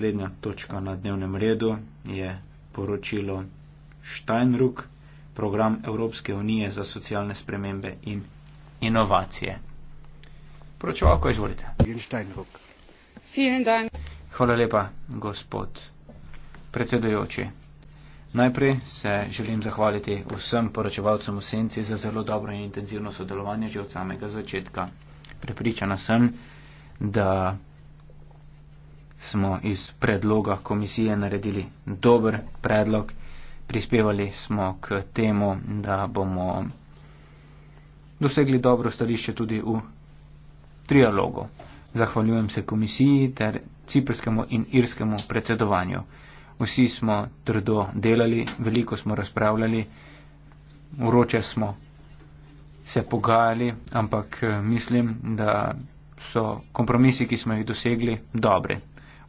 naslednja točka na dnevnem redu je poročilo Steinruck, program Evropske unije za socialne spremembe in inovacije. Poročevalko, izvolite. Hvala lepa, gospod predsedujoči. Najprej se želim zahvaliti vsem poročevalcem v Senci za zelo dobro in intenzivno sodelovanje že od samega začetka. Prepričana sem, da smo iz predloga komisije naredili dober predlog, prispevali smo k temu, da bomo dosegli dobro stališče tudi v trialogu. Zahvaljujem se komisiji ter ciprskemu in irskemu predsedovanju. Vsi smo trdo delali, veliko smo razpravljali, uroče smo se pogajali, ampak eh, mislim, da so kompromisi, ki smo jih dosegli, dobri.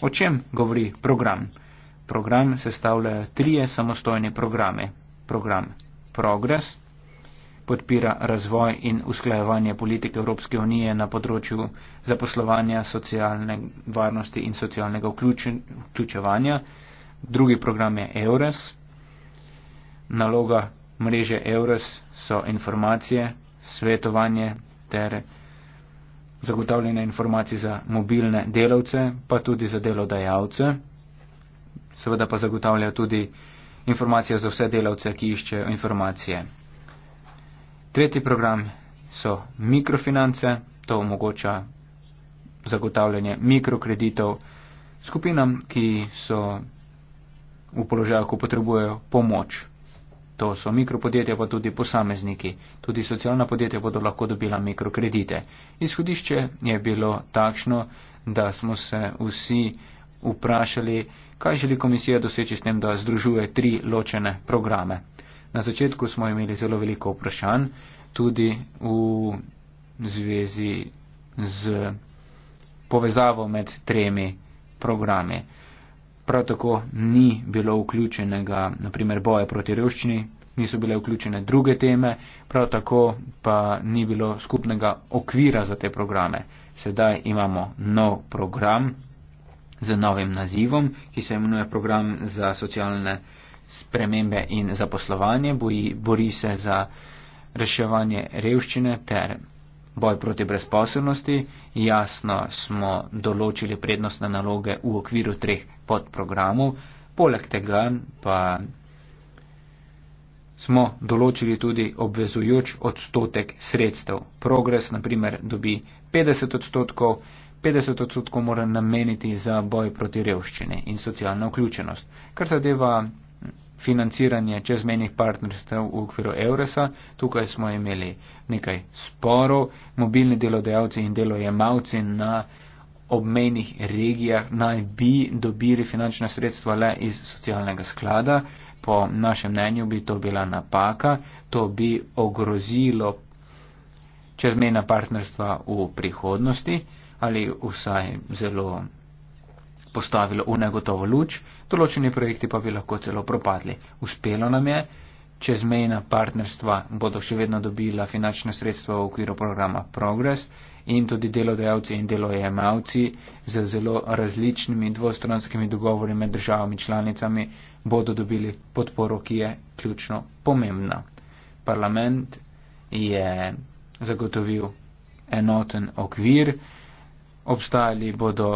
O čem govori program? Program sestavlja trije samostojne programe. Program Progress podpira razvoj in usklajevanje politike Evropske unije na področju zaposlovanja, socialne varnosti in socialnega vključevanja. Drugi program je EURES. Naloga mreže EURES so informacije, svetovanje ter informacije zagotavljanje informacij za mobilne delavce, pa tudi za delodajalce. Seveda pa zagotavlja tudi informacije za vse delavce, ki iščejo informacije. Tretji program so mikrofinance, to omogoča zagotavljanje mikrokreditov skupinam, ki so v položaju, ko potrebujejo pomoč to so mikropodjetja, pa tudi posamezniki. Tudi socialna podjetja bodo lahko dobila mikrokredite. Izhodišče je bilo takšno, da smo se vsi vprašali, kaj želi komisija doseči s tem, da združuje tri ločene programe. Na začetku smo imeli zelo veliko vprašanj, tudi v zvezi z povezavo med tremi programi prav tako ni bilo vključenega, naprimer, boja proti revščini, niso bile vključene druge teme, prav tako pa ni bilo skupnega okvira za te programe. Sedaj imamo nov program z novim nazivom, ki se imenuje program za socialne spremembe in zaposlovanje, boji, bori se za reševanje revščine ter boj proti brezposobnosti, jasno smo določili prednostne naloge v okviru treh podprogramov, poleg tega pa smo določili tudi obvezujoč odstotek sredstev. Progres, naprimer, dobi 50 odstotkov, 50 odstotkov mora nameniti za boj proti revščini in socialno vključenost. Kar zadeva financiranje čezmenih partnerstv v okviru Euresa. Tukaj smo imeli nekaj sporov, mobilni delodajalci in delojemalci na obmejnih regijah naj bi dobili finančna sredstva le iz socialnega sklada. Po našem mnenju bi to bila napaka, to bi ogrozilo čezmena partnerstva v prihodnosti ali vsaj zelo postavilo v negotovo luč, določeni projekti pa bi lahko celo propadli. Uspelo nam je, čezmejna partnerstva bodo še vedno dobila finančne sredstva v okviru programa Progress in tudi delodajalci in delojemalci z zelo različnimi dvostranskimi dogovori med državami članicami bodo dobili podporo, ki je ključno pomembna. Parlament je zagotovil enoten okvir, obstajali bodo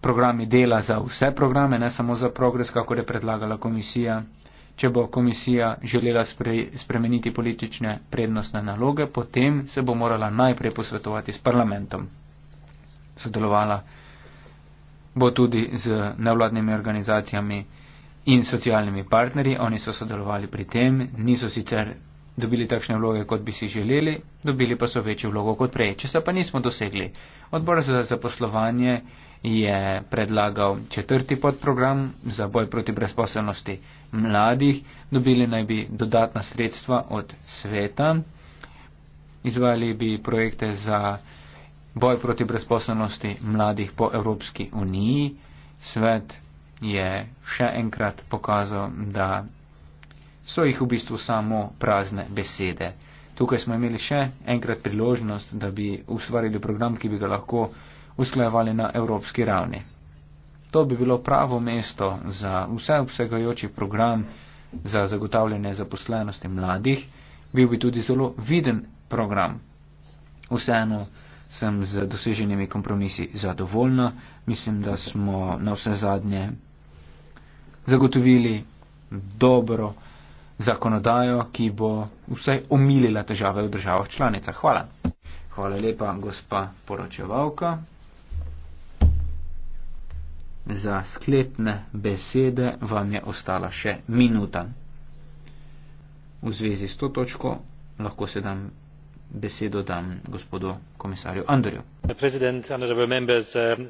programi dela za vse programe, ne samo za progres, kako je predlagala komisija. Če bo komisija želela spremeniti politične prednostne naloge, potem se bo morala najprej posvetovati s parlamentom. Sodelovala bo tudi z nevladnimi organizacijami in socialnimi partnerji. Oni so sodelovali pri tem, niso sicer dobili takšne vloge, kot bi si želeli, dobili pa so večjo vlogo kot prej. Če se pa nismo dosegli, odbor za zaposlovanje je predlagal četrti podprogram za boj proti brezposelnosti mladih. Dobili naj bi dodatna sredstva od sveta, izvajali bi projekte za boj proti brezposelnosti mladih po Evropski uniji. Svet je še enkrat pokazal, da so jih v bistvu samo prazne besede. Tukaj smo imeli še enkrat priložnost, da bi ustvarili program, ki bi ga lahko usklajevali na evropski ravni. To bi bilo pravo mesto za vseobsegajoči program za zagotavljanje zaposlenosti mladih, bil bi tudi zelo viden program. Vseeno sem z doseženimi kompromisi zadovoljna, mislim, da smo na vse zadnje zagotovili dobro zakonodajo, ki bo vsaj omilila težave v državah članicah. Hvala. Hvala lepa, gospa poročevalka za sklepne besede vam je ostala še minuta. V zvezi s to točko lahko se dam besedo dam gospodu komisarju Andorju. Uh,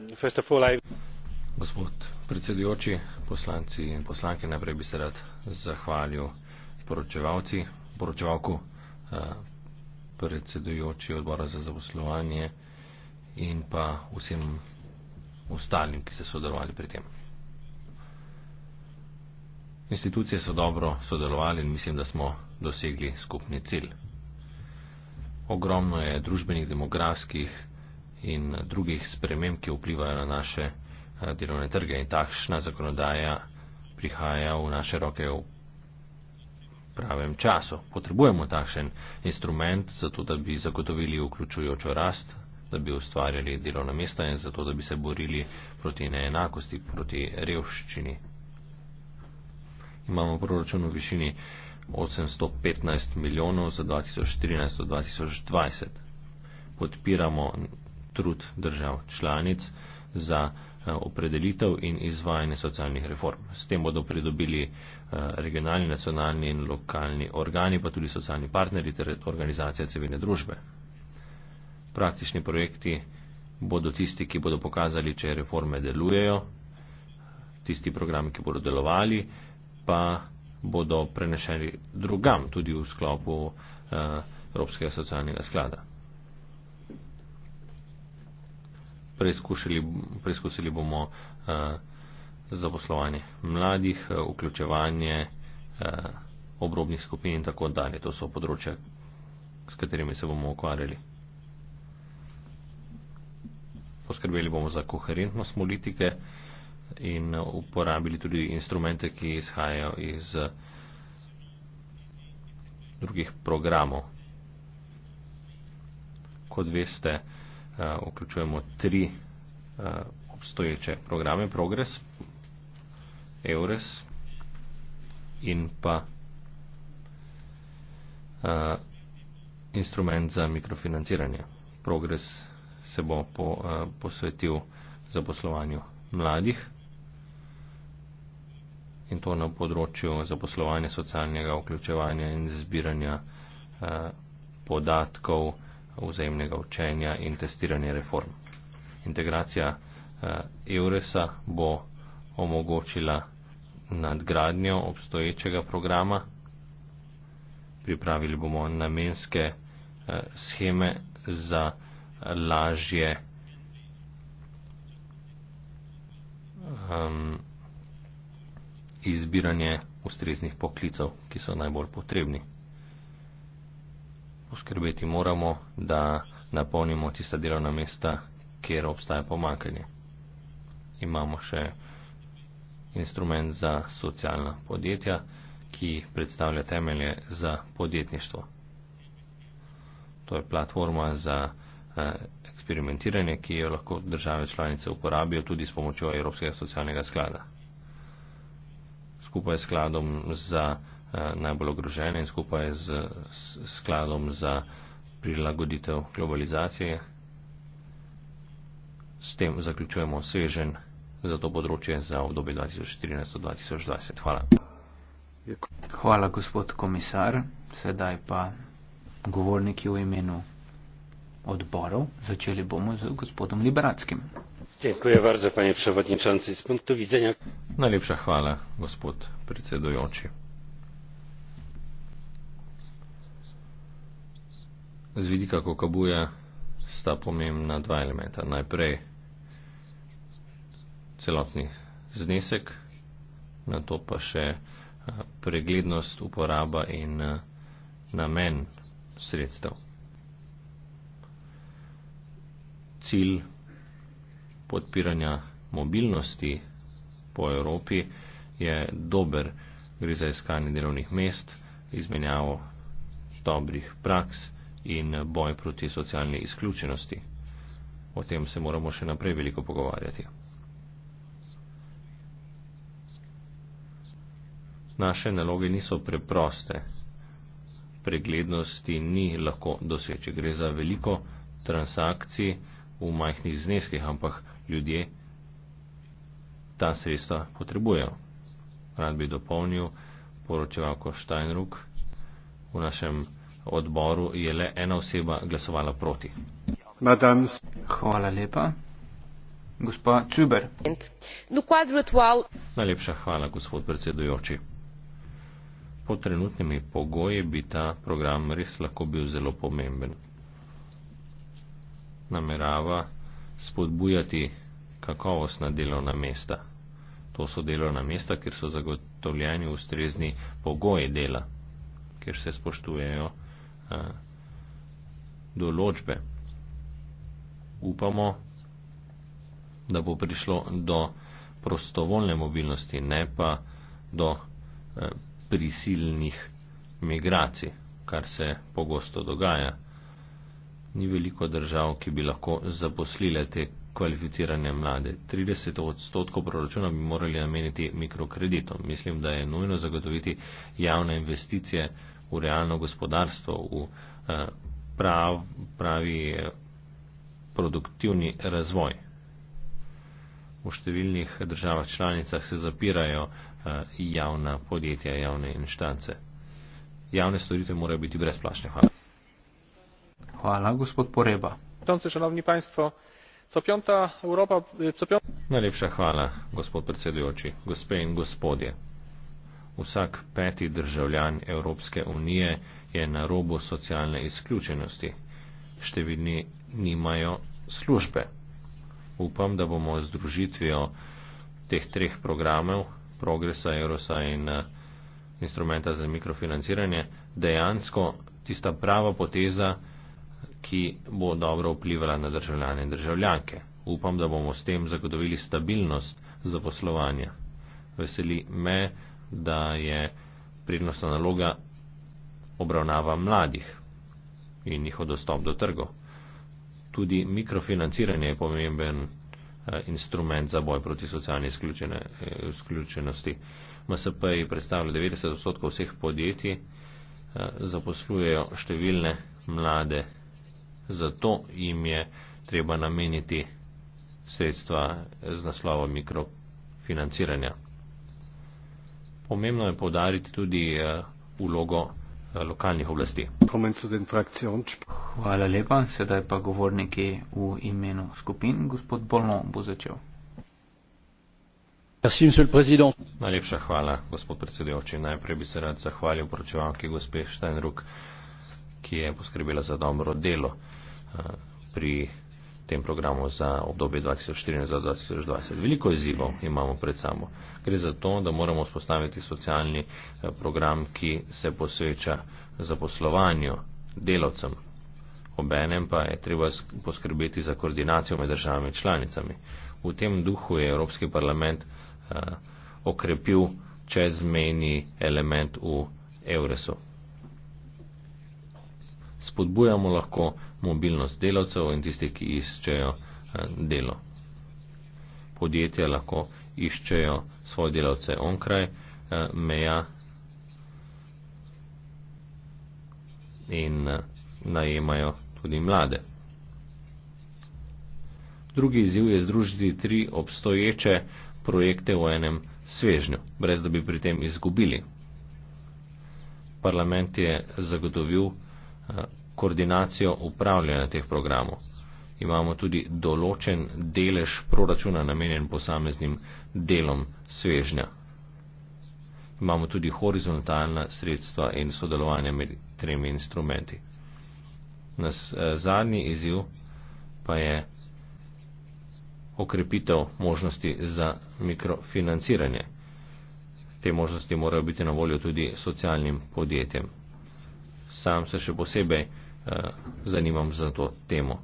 Gospod predsedujoči, poslanci in poslanke, najprej bi se rad zahvalil poročevalci, poročevalku, uh, predsedujoči odbora za zaposlovanje in pa vsem ostalim, ki so sodelovali pri tem. Institucije so dobro sodelovali in mislim, da smo dosegli skupni cilj. Ogromno je družbenih, demografskih in drugih sprememb, ki vplivajo na naše eh, delovne trge in takšna zakonodaja prihaja v naše roke v pravem času. Potrebujemo takšen instrument, zato da bi zagotovili vključujočo rast da bi ustvarjali delovna mesta in zato, da bi se borili proti neenakosti, proti revščini. Imamo proračun v višini 815 milijonov za 2013-2020. Podpiramo trud držav članic za eh, opredelitev in izvajanje socialnih reform. S tem bodo pridobili eh, regionalni, nacionalni in lokalni organi, pa tudi socialni partneri ter organizacije civilne družbe praktični projekti bodo tisti, ki bodo pokazali, če reforme delujejo, tisti programi, ki bodo delovali, pa bodo prenešeni drugam, tudi v sklopu eh, Evropskega socialnega sklada. Preizkušili, preizkusili bomo uh, zaposlovanje mladih, eh, vključevanje uh, obrobnih skupin in tako dalje. To so področja, s katerimi se bomo ukvarjali poskrbeli bomo za koherentnost politike in uporabili tudi instrumente, ki izhajajo iz drugih programov. Kot veste, eh, vključujemo tri eh, obstoječe programe Progress, EURES in pa eh, instrument za mikrofinanciranje Progress se bo po, eh, posvetil zaposlovanju mladih in to na področju zaposlovanja, socialnega vključevanja in zbiranja eh, podatkov, vzajemnega učenja in testiranja reform. Integracija eh, EURES-a bo omogočila nadgradnjo obstoječega programa. Pripravili bomo namenske eh, scheme za lažje um, izbiranje ustreznih poklicev, ki so najbolj potrebni. Poskrbeti moramo, da napolnimo tista delovna mesta, kjer obstaja pomankanje. Imamo še instrument za socialna podjetja, ki predstavlja temelje za podjetništvo. To je platforma za Eh, eksperimentiranje, ki jo lahko države članice uporabijo tudi s pomočjo Evropskega socialnega sklada. Skupaj s skladom za eh, najbolj ogrožene in skupaj s skladom za prilagoditev globalizacije. S tem zaključujemo svežen za to področje za obdobje 2014-2020. Hvala. Hvala, gospod komisar. Sedaj pa govorniki v imenu odboru zaczęli bomo z gospodem Liberackim. Dziękuję bardzo panie przewodniczący z punktu widzenia najlepsza chwała gospod przewodniczący. Z widzika kokabuja sta pomembna dva elementa. Najprej celotni znesek, na to pa še eh, preglednost, uporaba in eh, namen sredstev. cilj podpiranja mobilnosti po Evropi je dober, gre za iskanje delovnih mest, izmenjavo dobrih praks in boj proti socialni izključenosti. O tem se moramo še naprej veliko pogovarjati. Naše naloge niso preproste, preglednosti ni lahko doseči. Gre za veliko transakcij, v majhnih zneskih, ampak ljudje ta sredstva potrebujejo. Rad bi dopolnil poročevalko Steinruck. V našem odboru je le ena oseba glasovala proti. Madams. Hvala lepa. Gospa Čuber. Najlepša hvala, gospod predsedujoči. Pod trenutnimi pogoji bi ta program res lahko bil zelo pomemben namerava spodbujati kakovostna delovna mesta. To so delovna mesta, kjer so zagotovljeni ustrezni pogoji dela, kjer se spoštujejo a, eh, določbe. Upamo, da bo prišlo do prostovoljne mobilnosti, ne pa do a, eh, prisilnih migracij, kar se pogosto dogaja ni veliko držav, ki bi lahko zaposlile te kvalificirane mlade. 30 odstotkov proračuna bi morali nameniti mikrokreditom. Mislim, da je nujno zagotoviti javne investicije v realno gospodarstvo, v eh, prav, pravi eh, produktivni razvoj. V številnih državah članicah se zapirajo eh, javna podjetja, javne inštance. Javne storitve morajo biti brezplačne. Hvala. Hvala, gospod Poreba. Najlepša hvala, gospod predsedujoči, gospe in gospodje. Vsak peti državljan Evropske unije je na robu socialne izključenosti. Številni nimajo službe. Upam, da bomo z družitvijo teh treh programov, Progresa, Eurosa in eh, instrumenta za mikrofinanciranje, dejansko tista prava poteza, ki bo dobro vplivala na državljane in državljanke. Upam, da bomo s tem zagotovili stabilnost zaposlovanja. Veseli me, da je prednostna naloga obravnava mladih in njihov dostop do trgov. Tudi mikrofinanciranje je pomemben eh, instrument za boj proti socialni eh, izključenosti. MSP je predstavlja 90 odstotkov vseh podjetij, eh, zaposlujejo številne mlade zato jim je treba nameniti sredstva z naslova mikrofinanciranja. Pomembno je povdariti tudi ulogo eh, eh, lokalnih oblasti. Hvala lepa, sedaj pa govorniki v imenu skupin. Gospod Bolno bo začel. Merci, Najlepša hvala, gospod predsedujoči. Najprej bi se rad zahvalil poročevalki gospe Štajnruk, ki je poskrbela za dobro delo pri tem programu za obdobje 2014-2020. Veliko izzivov imamo pred sabo. Gre za to, da moramo vzpostaviti socialni eh, program, ki se posveča zaposlovanju delavcem. Obenem pa je treba poskrbeti za koordinacijo med državami članicami. V tem duhu je Evropski parlament eh, okrepil čezmejni element v Euresu. Spodbujamo lahko mobilnost delavcev in tistih, ki iščejo eh, delo. Podjetja lahko iščejo svoje delavce onkraj eh, meja in eh, najemajo tudi mlade. Drugi izziv je združiti tri obstoječe projekte v enem svežnju, brez da bi pri tem izgubili. Parlament je zagotovil koordinacijo upravljanja teh programov. Imamo tudi določen delež proračuna namenjen posameznim delom svežnja. Imamo tudi horizontalna sredstva in sodelovanje med tremi instrumenti. Nas eh, zadnji izziv pa je okrepitev možnosti za mikrofinanciranje. Te možnosti morajo biti na voljo tudi socialnim podjetjem. Sam se še posebej Eh, zanimam za to temo.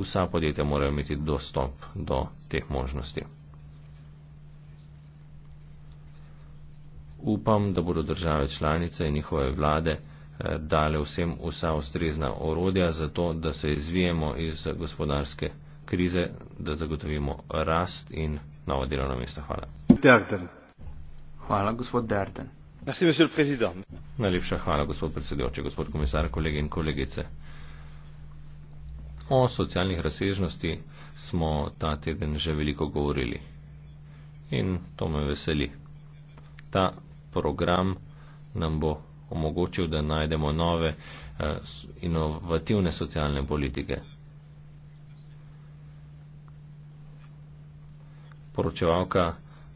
Vsa podjetja morajo imeti dostop do teh možnosti. Upam, da bodo države članice in njihove vlade eh, dale vsem vsa ustrezna orodja za to, da se izvijemo iz gospodarske krize, da zagotovimo rast in novo delovno mesto. Hvala. Hvala, gospod Derden. Najlepša hvala, gospod predsedujoči, gospod komisar, kolegi in kolegice. O socialnih razsežnosti smo ta teden že veliko govorili in to me veseli. Ta program nam bo omogočil, da najdemo nove eh, inovativne socialne politike. Poročevalka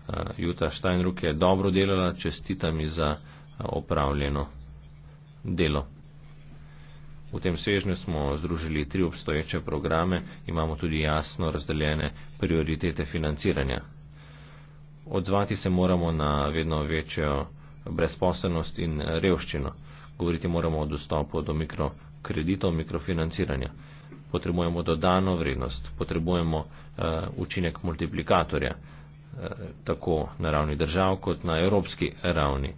Eh, Juta Steinruck je dobro delala, čestitam ji za eh, opravljeno delo. V tem svežnju smo združili tri obstoječe programe, imamo tudi jasno razdeljene prioritete financiranja. Odzvati se moramo na vedno večjo brezposobnost in revščino. Govoriti moramo o dostopu do mikrokreditov, mikrofinanciranja. Potrebujemo dodano vrednost, potrebujemo uh, učinek multiplikatorja. Eh, tako na ravni držav kot na evropski ravni.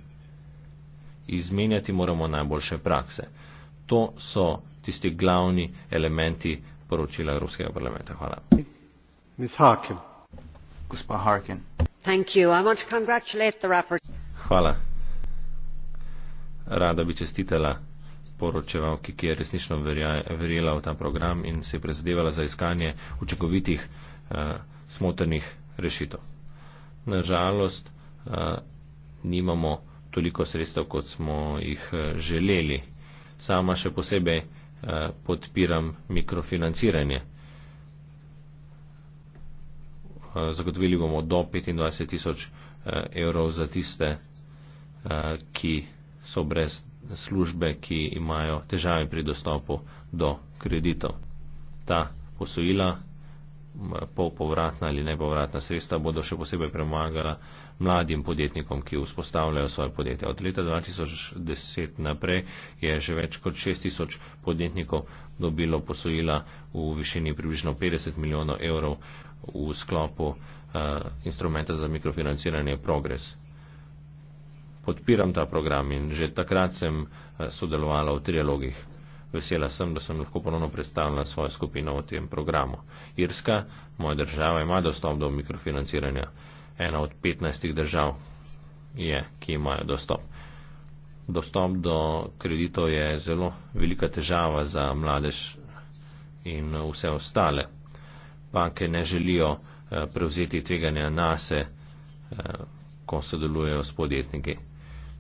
Izmenjati moramo najboljše prakse. To so tisti glavni elementi poročila Evropskega parlamenta. Hvala. Hvala. Rada bi čestitela poročevalki, ki je resnično verjela v ta program in se je prizadevala za iskanje učinkovitih, uh, smotrnih rešitev nažalost eh, nimamo toliko sredstev, kot smo jih eh, želeli. Sama še posebej eh, podpiram mikrofinanciranje. Zagotovili bomo do 25 tisoč evrov za tiste, ki so brez službe, ki imajo težave pri dostopu do kreditov. Ta posojila polpovratna ali nepovratna sredstva bodo še posebej premagala mladim podjetnikom, ki vzpostavljajo svoje podjetje. Od leta 2010 naprej je že več kot 6000 podjetnikov dobilo posojila v višini približno 50 milijonov evrov v sklopu uh, instrumenta za mikrofinanciranje Progres. Podpiram ta program in že takrat sem eh, sodelovala v trialogih. Vesela sem, da sem lahko ponovno predstavila svojo skupino v tem programu. Irska, moja država, ima dostop do mikrofinanciranja. Ena od 15 držav je, ki imajo dostop. Dostop do kreditov je zelo velika težava za mladež in vse ostale. Banke ne želijo eh, prevzeti tveganja nase, eh, ko sodelujejo s podjetniki.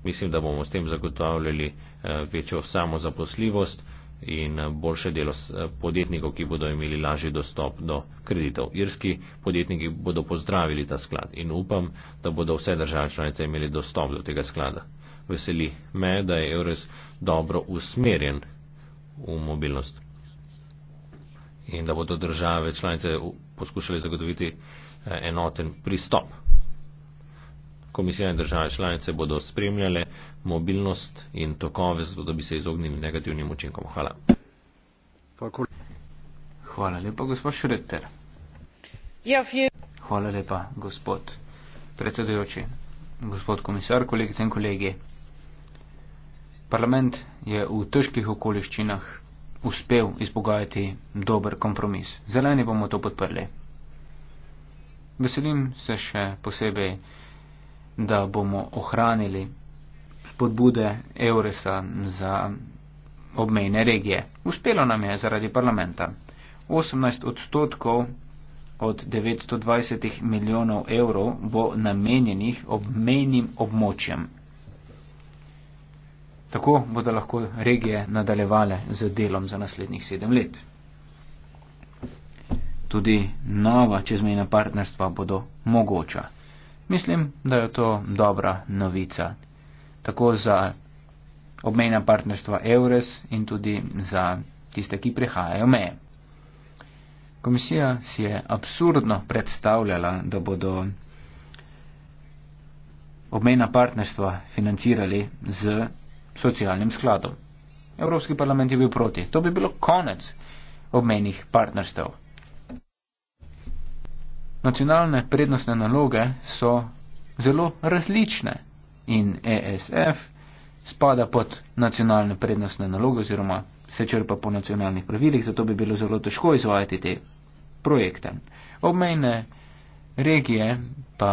Mislim, da bomo s tem zagotavljali eh, večjo samozaposljivost in eh, boljše delo eh, podjetnikov, ki bodo imeli lažji dostop do kreditov. Irski podjetniki bodo pozdravili ta sklad in upam, da bodo vse države članice imeli dostop do tega sklada. Veseli me, da je Eures dobro usmerjen v mobilnost in da bodo države članice poskušali zagotoviti eh, enoten pristop. Komisija in države članice bodo spremljale mobilnost in tokove, zato da bi se izognili negativnim učinkom. Hvala. Hvala lepa, gospod Šreter. Ja, Hvala lepa, gospod predsedujoči, gospod komisar, kolegice in kolegi. Parlament je v težkih okoliščinah uspel izpogajati dober kompromis. Zeleni bomo to podprli. Veselim se še posebej da bomo ohranili spodbude Euresa za obmejne regije. Uspelo nam je zaradi parlamenta. 18 odstotkov od 920 milijonov evrov bo namenjenih obmejnim območjem. Tako bodo lahko regije nadaljevale z delom za naslednjih sedem let. Tudi nova čezmejna partnerstva bodo mogoča. Mislim, da je to dobra novica. Tako za obmejna partnerstva EURES in tudi za tiste, ki prihajajo meje. Komisija si je absurdno predstavljala, da bodo obmejna partnerstva financirali z socialnim skladom. Evropski parlament je bil proti. To bi bilo konec obmejnih partnerstv. Nacionalne prednostne naloge so zelo različne in ESF spada pod nacionalne prednostne naloge oziroma se črpa po nacionalnih pravilih, zato bi bilo zelo težko izvajati te projekte. Obmejne regije pa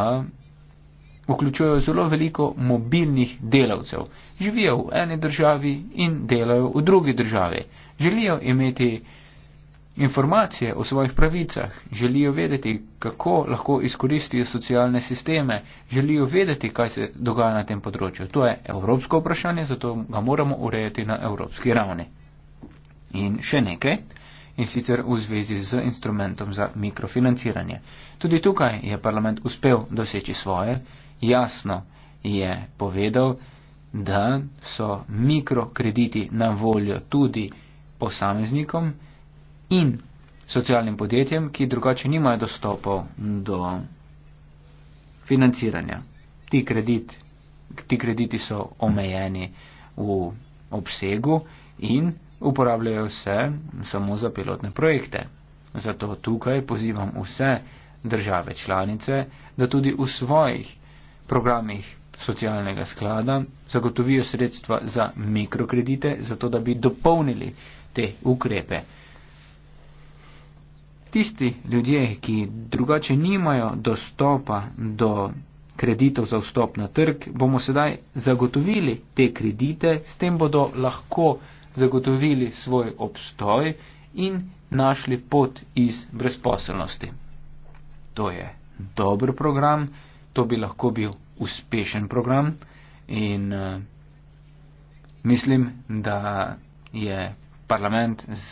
vključujejo zelo veliko mobilnih delavcev. Živijo v eni državi in delajo v drugi državi. Želijo imeti informacije o svojih pravicah, želijo vedeti, kako lahko izkoristijo socialne sisteme, želijo vedeti, kaj se dogaja na tem področju. To je evropsko vprašanje, zato ga moramo urejati na evropski ravni. In še nekaj, in sicer v zvezi z instrumentom za mikrofinanciranje. Tudi tukaj je parlament uspel doseči svoje, jasno je povedal, da so mikrokrediti na voljo tudi posameznikom, in socialnim podjetjem, ki drugače nimajo dostopa do financiranja. Ti, kredit, ti krediti so omejeni v obsegu in uporabljajo se samo za pilotne projekte. Zato tukaj pozivam vse države članice, da tudi v svojih programih socialnega sklada zagotovijo sredstva za mikrokredite, zato da bi dopolnili te ukrepe. Tisti ljudje, ki drugače nimajo dostopa do kreditov za vstop na trg, bomo sedaj zagotovili te kredite, s tem bodo lahko zagotovili svoj obstoj in našli pot iz brezposelnosti. To je dober program, to bi lahko bil uspešen program in uh, mislim, da je parlament z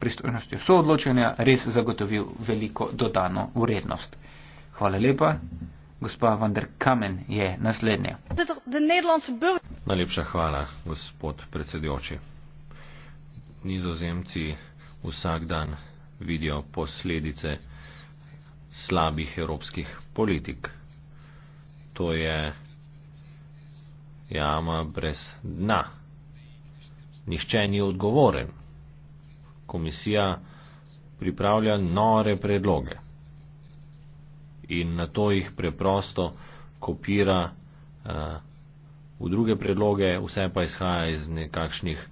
pristojnostjo soodločanja res zagotovil veliko dodano vrednost. Hvala lepa. Gospa van der Kamen je naslednja. Najlepša hvala, gospod predsedujoči. Nizozemci vsak dan vidijo posledice slabih evropskih politik. To je jama brez dna nihče ni odgovoren. Komisija pripravlja nore predloge in na to jih preprosto kopira uh, v druge predloge, vse pa izhaja iz nekakšnih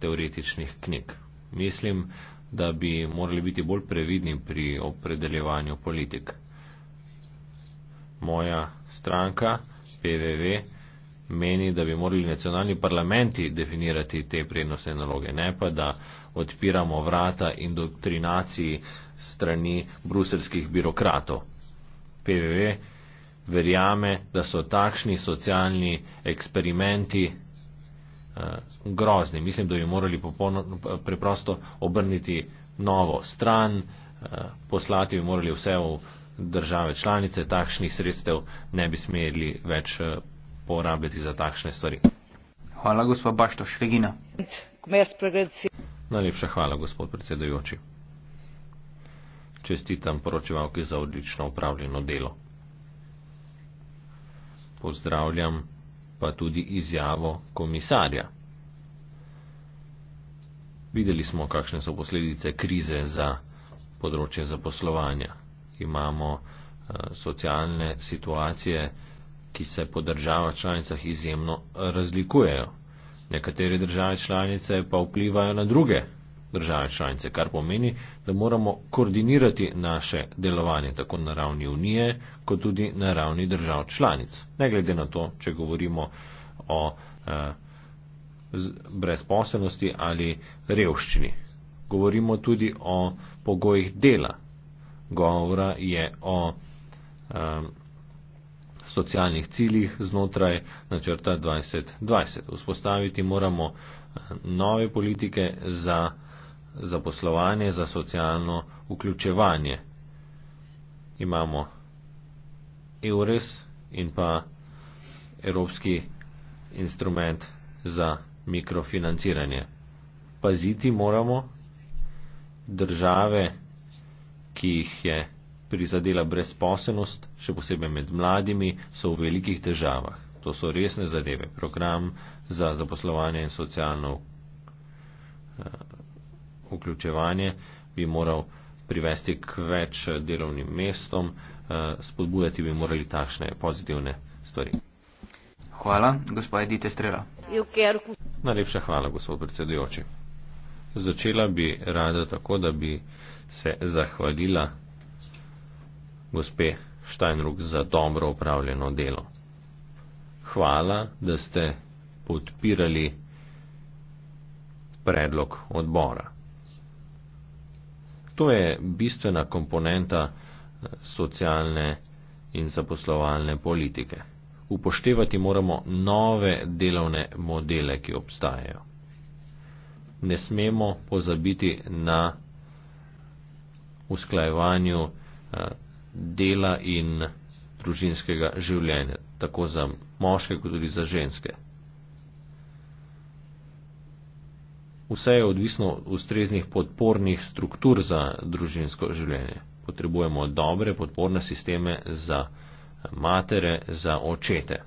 teoretičnih knjig. Mislim, da bi morali biti bolj previdni pri opredeljevanju politik. Moja stranka PVV meni, da bi morali nacionalni parlamenti definirati te prednostne naloge, ne pa da odpiramo vrata indoktrinaciji strani bruselskih birokratov. PVV verjame, da so takšni socialni eksperimenti eh, grozni. Mislim, da bi morali popolno, preprosto obrniti novo stran, eh, poslati bi morali vse v države članice, takšnih sredstev ne bi smeli več eh, uporabljati za takšne stvari. Hvala, gospod Bašto Šregina. Najlepša hvala, gospod predsedujoči. Čestitam poročevalki za odlično upravljeno delo. Pozdravljam pa tudi izjavo komisarja. Videli smo, kakšne so posledice krize za področje zaposlovanja. Imamo uh, socialne situacije, uh, ki se po državah članicah izjemno razlikujejo. Nekatere države članice pa vplivajo na druge države članice, kar pomeni, da moramo koordinirati naše delovanje tako na ravni unije, kot tudi na ravni držav članic. Ne glede na to, če govorimo o eh, brezposelnosti ali revščini. Govorimo tudi o pogojih dela. Govora je o eh, socialnih ciljih znotraj načrta 2020. Vzpostaviti moramo eh, nove politike za zaposlovanje, za socialno vključevanje. Imamo EURES in pa Evropski instrument za mikrofinanciranje. Paziti moramo države, ki jih je prizadela brezposelnost, še posebej med mladimi, so v velikih težavah. To so resne zadeve. Program za zaposlovanje in socialno eh, vključevanje bi moral privesti k več delovnim mestom, eh, spodbujati bi morali takšne pozitivne stvari. Hvala, gospod Edite Strela. Najlepša hvala, gospod predsedujoči. Začela bi rada tako, da bi se zahvalila gospe Štajnruk za dobro upravljeno delo. Hvala, da ste podpirali predlog odbora. To je bistvena komponenta eh, socialne in zaposlovalne politike. Upoštevati moramo nove delovne modele, ki obstajajo. Ne smemo pozabiti na usklajevanju eh, dela in družinskega življenja, tako za moške kot tudi za ženske. Vse je odvisno od ustreznih podpornih struktur za družinsko življenje. Potrebujemo dobre podporne sisteme za matere, za očete.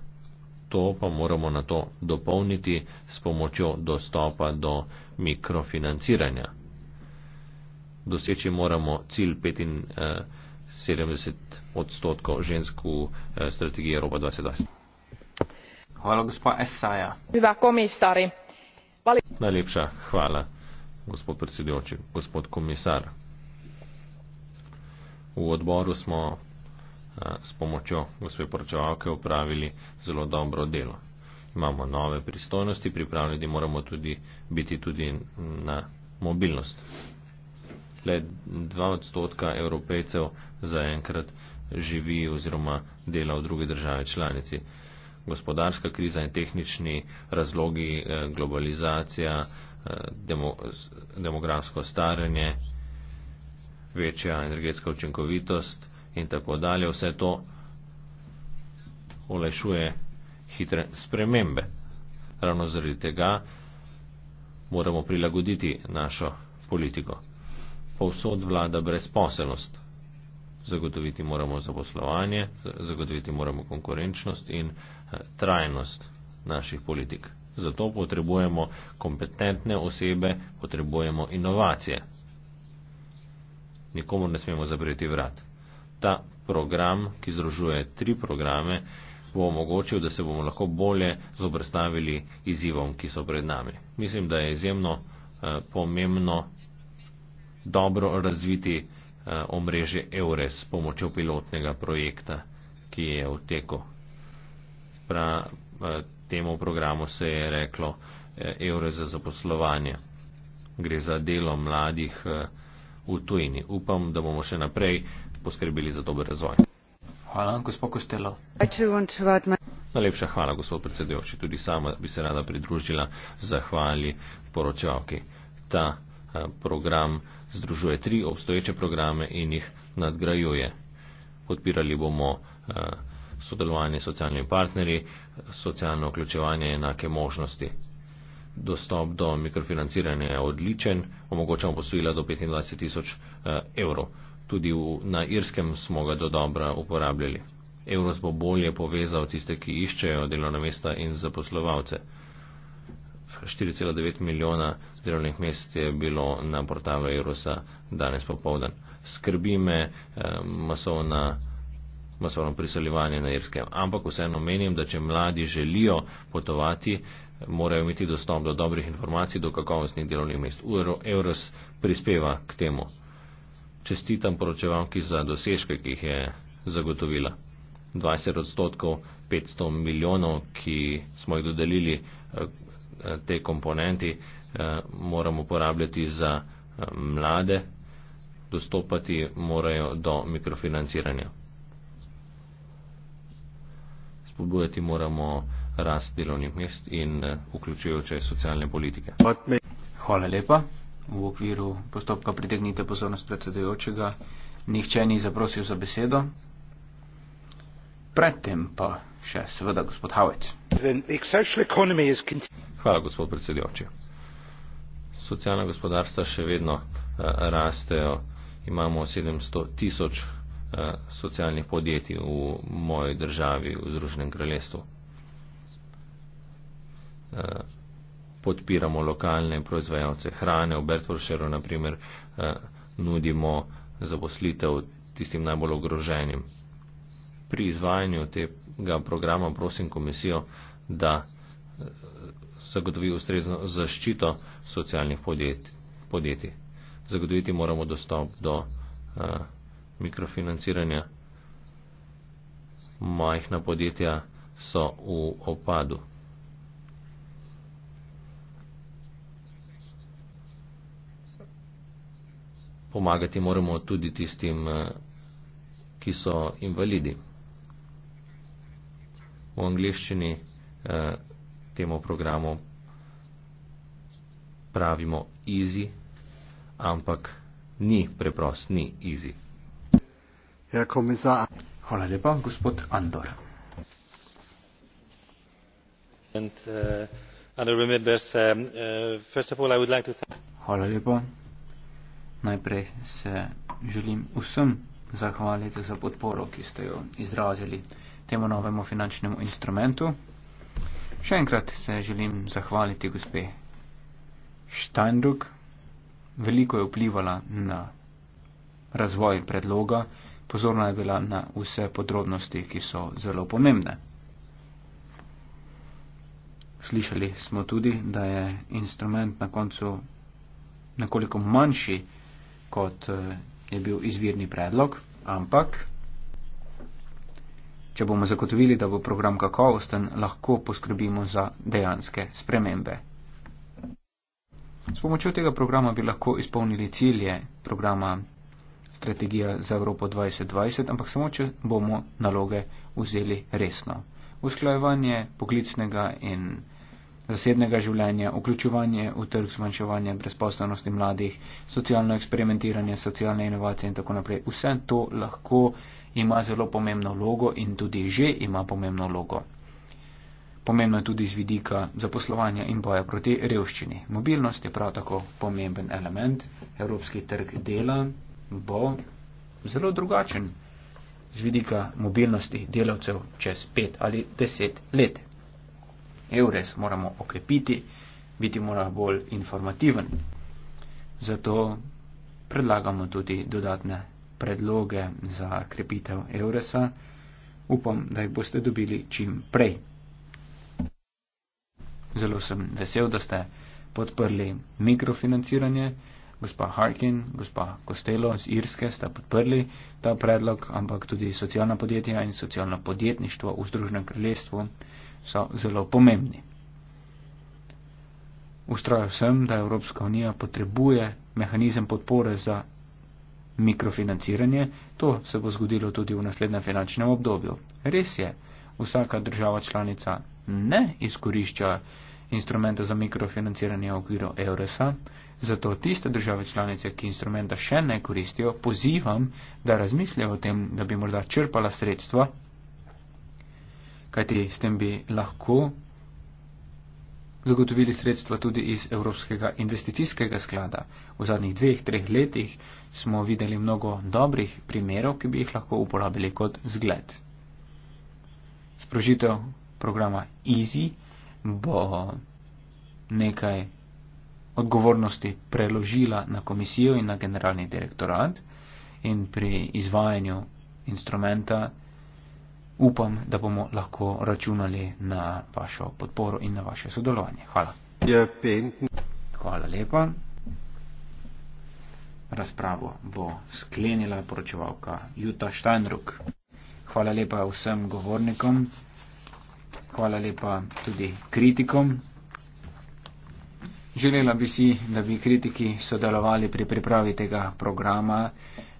To pa moramo na to dopolniti s pomočjo dostopa do mikrofinanciranja. Doseči moramo cilj 25. 70 odstotkov žensk v eh, strategiji Evropa 2020. Hvala, gospod Esaja. Hvala, komisar. Najlepša hvala, gospod predsedujoči, gospod komisar. V odboru smo eh, s pomočjo gospe poročevalke upravili zelo dobro delo. Imamo nove pristojnosti, pripravljeni moramo tudi biti tudi na mobilnost le dva odstotka evropejcev zaenkrat živi oziroma dela v druge države članici. Gospodarska kriza in tehnični razlogi, eh, globalizacija, eh, demografsko staranje, večja energetska učinkovitost in tako dalje, vse to olajšuje hitre spremembe. Ravno zaradi tega moramo prilagoditi našo politiko povsod vlada brezposelnost. Zagotoviti moramo zaposlovanje, zagotoviti moramo konkurenčnost in eh, trajnost naših politik. Zato potrebujemo kompetentne osebe, potrebujemo inovacije. Nikomu ne smemo zapreti vrat. Ta program, ki združuje tri programe, bo omogočil, da se bomo lahko bolje zoprstavili izzivom, ki so pred nami. Mislim, da je izjemno eh, pomembno dobro razviti eh, omrežje EURES s pomočjo pilotnega projekta, ki je v teku. Eh, temu programu se je reklo eh, EURES za zaposlovanje. Gre za delo mladih v tujini. Upam, da bomo še naprej poskrbeli za dober razvoj. Hvala, gospod Kostelo. Najlepša hvala, gospod predsedujoči. Tudi sama bi se rada pridružila zahvali poročavki. Ta program združuje tri obstoječe programe in jih nadgrajuje. Podpirali bomo eh, sodelovanje s socialnimi partnerji, socialno vključevanje enake možnosti. Dostop do mikrofinanciranja je odličen, omogočamo posojila do 25 tisoč eh, evrov. Tudi na Irskem smo ga do dobra uporabljali. Euros bo bolje povezal tiste, ki iščejo delovna mesta in zaposlovalce. 4,9 milijona delovnih mest je bilo na portalu Eurosa danes popovdan. Skrbi me eh, masovna, masovno priseljevanje na Irskem. Ampak vseeno menim, da če mladi želijo potovati, morajo imeti dostop do dobrih informacij, do kakovostnih delovnih mest. Euro, Euros prispeva k temu. Čestitam poročevalki za dosežke, ki jih je zagotovila. 20 odstotkov 500 milijonov, ki smo jih dodelili eh, te komponenti eh, moramo uporabljati za eh, mlade, dostopati morajo do mikrofinanciranja. Spodbujati moramo rast delovnih mest in eh, vključujoče socialne politike. Hvala lepa. V okviru postopka pritegnite pozornost predsedujočega. Nihče ni zaprosil za besedo. Predtem pa še seveda gospod Havec. Hvala, gospod predsedujoči. Socialna gospodarstva še vedno uh, rastejo. Imamo 700 tisoč uh, socialnih podjetij v moji državi, v Združenem kraljestvu. Uh, podpiramo lokalne proizvajalce hrane, v Bertvoršeru naprimer uh, nudimo zaposlitev tistim najbolj ogroženim pri izvajanju tega programa prosim komisijo, da eh, zagotovi ustrezno zaščito socialnih podjetij. Zagotoviti moramo dostop do uh, mikrofinanciranja. Majhna podjetja so v opadu. Pomagati moramo tudi tistim, eh, ki so invalidi v angleščini eh, temu programu pravimo easy, ampak ni preprost, ni easy. Ja, za... Hvala lepa, gospod Andor. And, uh, and members, um, uh, first of all, I would like to thank. Hvala lepa. Najprej se želim vsem zahvaliti za podporo, ki ste jo izrazili temu novemu finančnemu instrumentu. Še enkrat se želim zahvaliti gospe Steindruck. Veliko je vplivala na razvoj predloga, pozorna je bila na vse podrobnosti, ki so zelo pomembne. Slišali smo tudi, da je instrument na koncu nekoliko manjši, kot eh, je bil izvirni predlog, ampak Če bomo zagotovili, da bo program kakovosten, lahko poskrbimo za dejanske spremembe. S pomočjo tega programa bi lahko izpolnili cilje programa Strategija za Evropo 2020, ampak samo, če bomo naloge vzeli resno. Usklajevanje poklicnega in zasebnega življenja, vključovanje v trg zmanjševanja brezposlenosti mladih, socialno eksperimentiranje, socialne inovacije in tako naprej. Vse to lahko ima zelo pomembno vlogo in tudi že ima pomembno vlogo. Pomembno je tudi z vidika zaposlovanja in boja proti revščini. Mobilnost je prav tako pomemben element. Evropski trg dela bo zelo drugačen z vidika mobilnosti delavcev čez pet ali deset let. EURES moramo okrepiti, biti mora bolj informativen. Zato predlagamo tudi dodatne predloge za krepitev EURES-a. Upam, da jih boste dobili čim prej. Zelo sem vesel, da ste podprli mikrofinanciranje. Gospa Harkin, gospa Kostelo z Irske sta podprli ta predlog, ampak tudi socialna podjetja in socialno podjetništvo v Združenem kraljestvu so zelo pomembni. Ustrajal sem, da Evropska unija potrebuje mehanizem podpore za mikrofinanciranje, to se bo zgodilo tudi v naslednjem finančnem obdobju. Res je, vsaka država članica ne izkorišča instrumenta za mikrofinanciranje v okviru EURES-a, zato tiste države članice, ki instrumenta še ne koristijo, pozivam, da razmislijo o tem, da bi morda črpala sredstva kajti s tem bi lahko zagotovili sredstva tudi iz Evropskega investicijskega sklada. V zadnjih dveh, treh letih smo videli mnogo dobrih primerov, ki bi jih lahko uporabili kot zgled. Sprožitev programa EASY bo nekaj odgovornosti preložila na komisijo in na generalni direktorat in pri izvajanju instrumenta upam, da bomo lahko računali na vašo podporo in na vaše sodelovanje. Hvala. Ja, hvala lepa. Razpravo bo sklenila poročevalka Juta Steinruck. Hvala lepa vsem govornikom, hvala lepa tudi kritikom. Želela bi si, da bi kritiki sodelovali pri pripravi tega programa,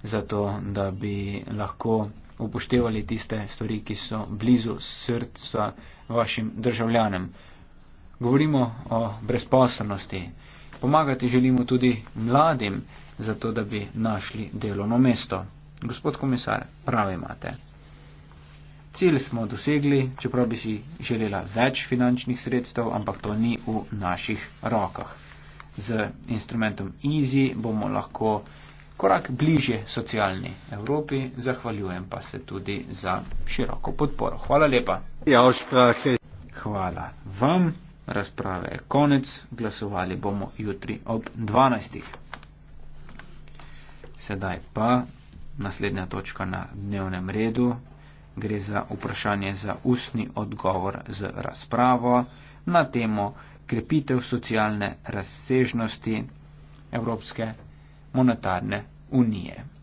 zato da bi lahko upoštevali tiste stvari, ki so blizu srca vašim državljanem. Govorimo o brezposobnosti. Pomagati želimo tudi mladim, zato da bi našli delovno mesto. Gospod komisar, prav imate. Cilj smo dosegli, čeprav bi si želela več finančnih sredstev, ampak to ni v naših rokah. Z instrumentom EASY bomo lahko korak bliže socialni Evropi, zahvaljujem pa se tudi za široko podporo. Hvala lepa. Ja, Hvala vam. Razprave je konec. Glasovali bomo jutri ob 12. Sedaj pa naslednja točka na dnevnem redu. Gre za vprašanje za ustni odgovor z razpravo na temo krepitev socialne razsežnosti Evropske monetarne unije.